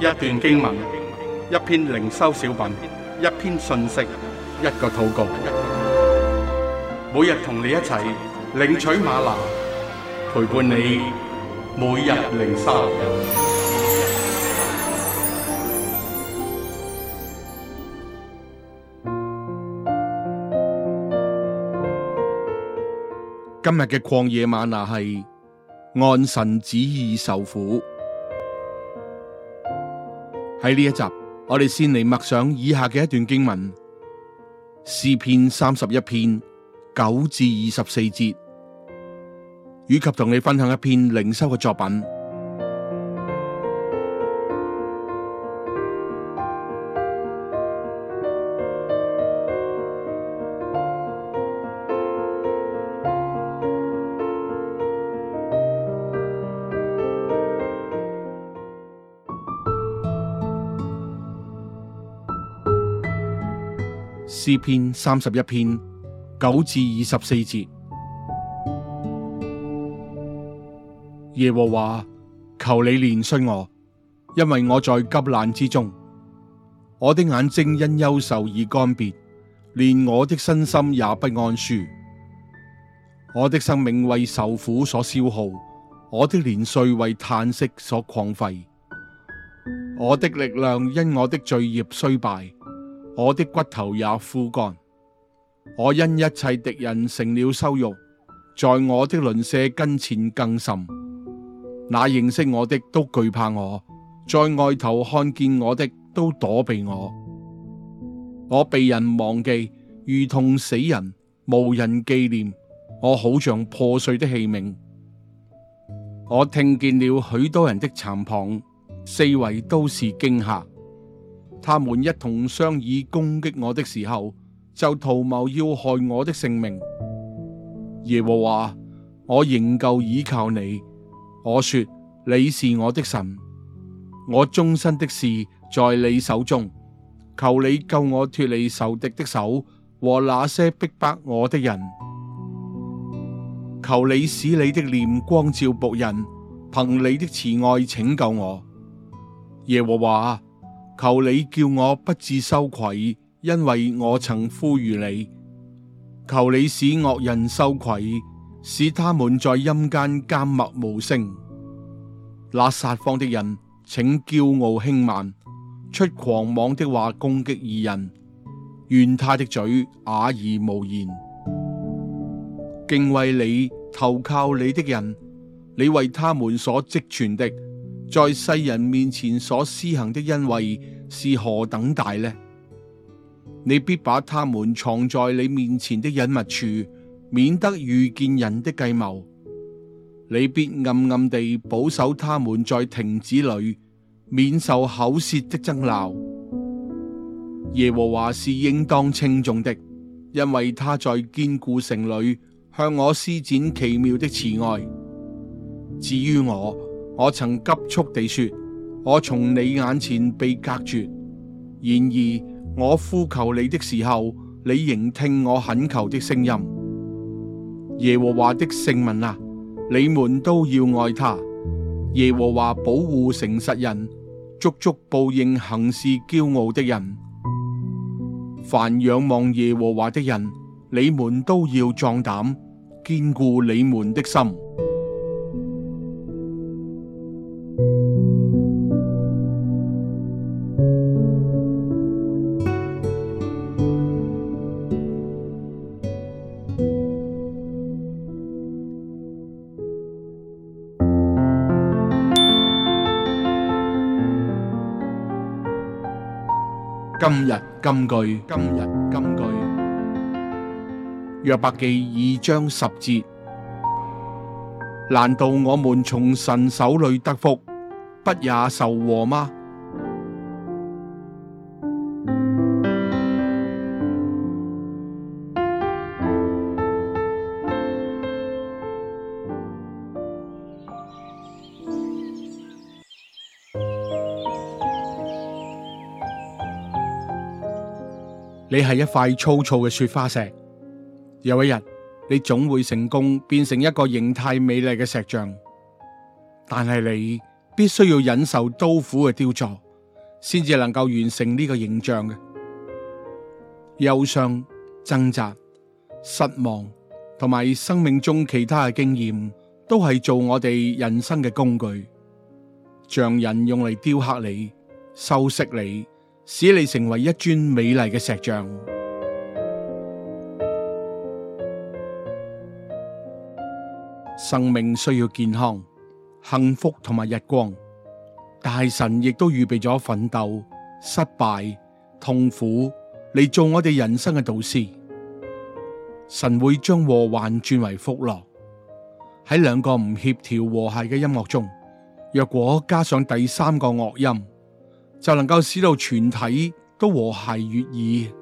一段經文，一篇靈修小品，一篇信息，一個禱告。每日同你一齊領取嗎哪，陪伴你每日靈修。今日嘅曠野嗎哪係按神旨意受苦。喺呢一集，我哋先嚟默想以下嘅一段經文，詩篇三十一篇九至二十四節，與及同你分享一篇靈修嘅作品。詩篇三十一篇九至二十四節，耶和華，求你憐恤我，因為我在急難之中，我的眼睛因憂愁而乾癟，連我的身心也不安舒，我的生命為受苦所消耗，我的年歲為嘆息所曠廢，我的力量因我的罪孽衰敗。我的骨頭也枯乾，我因一切敵人成了羞辱，在我的鄰舍跟前更甚。那認識我的都懼怕我，在外頭看見我的都躲避我。我被人忘記，如同死人，無人紀念。我好像破碎的器皿。我聽見了許多人的讒謗，四圍都是驚嚇。他們一同商議攻擊我的時候，就圖謀要害我的性命。耶和華，我仍舊倚靠你，我說你是我的神，我終身的事在你手中。求你救我脫離仇敵的手和那些逼迫我的人，求你使你的臉光照僕人，憑你的慈愛拯救我。耶和華。求你叫我不至羞愧，因為我曾呼籲你。求你使惡人羞愧，使他們在陰間緘默無聲。那撒謊的人，請驕傲輕慢，出狂妄的話攻擊異人，願他的嘴啞而無言。敬畏你、投靠你的人，你為他們所積存的。在世人面前所施行的恩惠是何等大呢？你必把他們藏在你面前的隱密處，免得遇見人的計謀；你必暗暗地保守他們在亭子裏，免受口舌的爭鬧。耶和華是應當稱頌的，因為他在堅固城裏向我施展奇妙的慈愛。至於我。我曾急促地說，我從你眼前被隔絕。然而我呼求你的時候，你仍聽我懇求的聲音。耶和華的聖民啊，你們都要愛他。耶和華保護誠實人，足足報應行事驕傲的人。凡仰望耶和華的人，你們都要壯膽，堅固你們的心。今日金句，今日金句。約伯記二章十節，難道我們從神手裏得福，不也受禍嗎？你係一塊粗糙嘅雪花石，有一日你總會成功變成一個形態美麗嘅石像，但係你必須要忍受刀斧嘅雕琢，先至能夠完成呢個形象嘅。憂傷、掙扎、失望同埋生命中其他嘅經驗，都係做我哋人生嘅工具，像人用嚟雕刻你、修飾你。使你成為一尊美麗嘅石像。生命需要健康、幸福同埋日光，大神亦都預備咗奮鬥、失敗、痛苦嚟做我哋人生嘅導師。神會將禍患轉為福樂。喺兩個唔協調和諧嘅音樂中，若果加上第三個樂音。就能夠使到全體都和諧悦耳。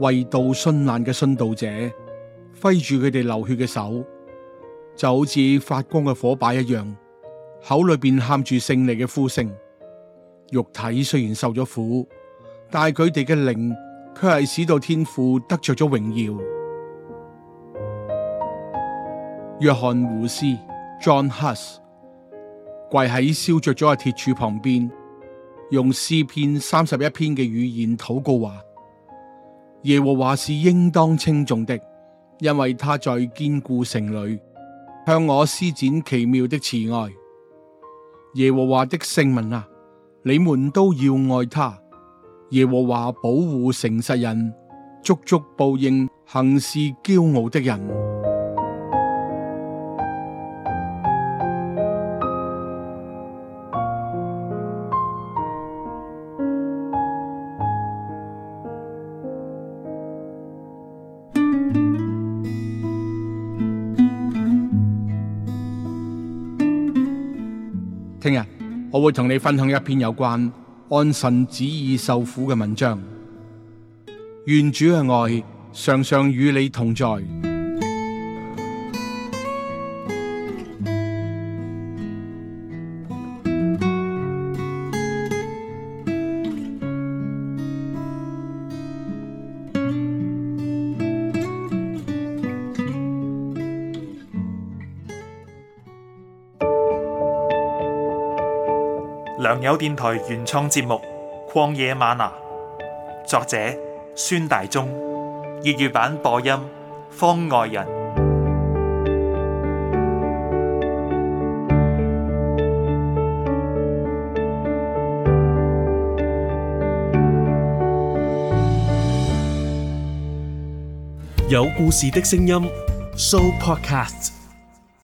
為道殉難嘅殉道者揮住佢哋流血嘅手，就好似發光嘅火把一樣，口裏邊喊住勝利嘅呼聲。肉體雖然受咗苦，但係佢哋嘅靈卻係使到天父得着咗榮耀。約翰胡斯 John Hus。跪喺燒着咗嘅鐵柱旁邊，用詩篇三十一篇嘅語言禱告話：耶和華是應當稱頌的，因為他在堅固城裡向我施展奇妙的慈愛。耶和華的聖民啊，你們都要愛他。耶和華保護誠實人，足足報應行事驕傲的人。聽日，我會同你分享一篇有關按神旨意受苦嘅文章。願主嘅愛常常與你同在。良友電台原創節目《曠野嗎哪》，作者孫大中，粵語版播音方外人，有故事的聲音，Show Podcast。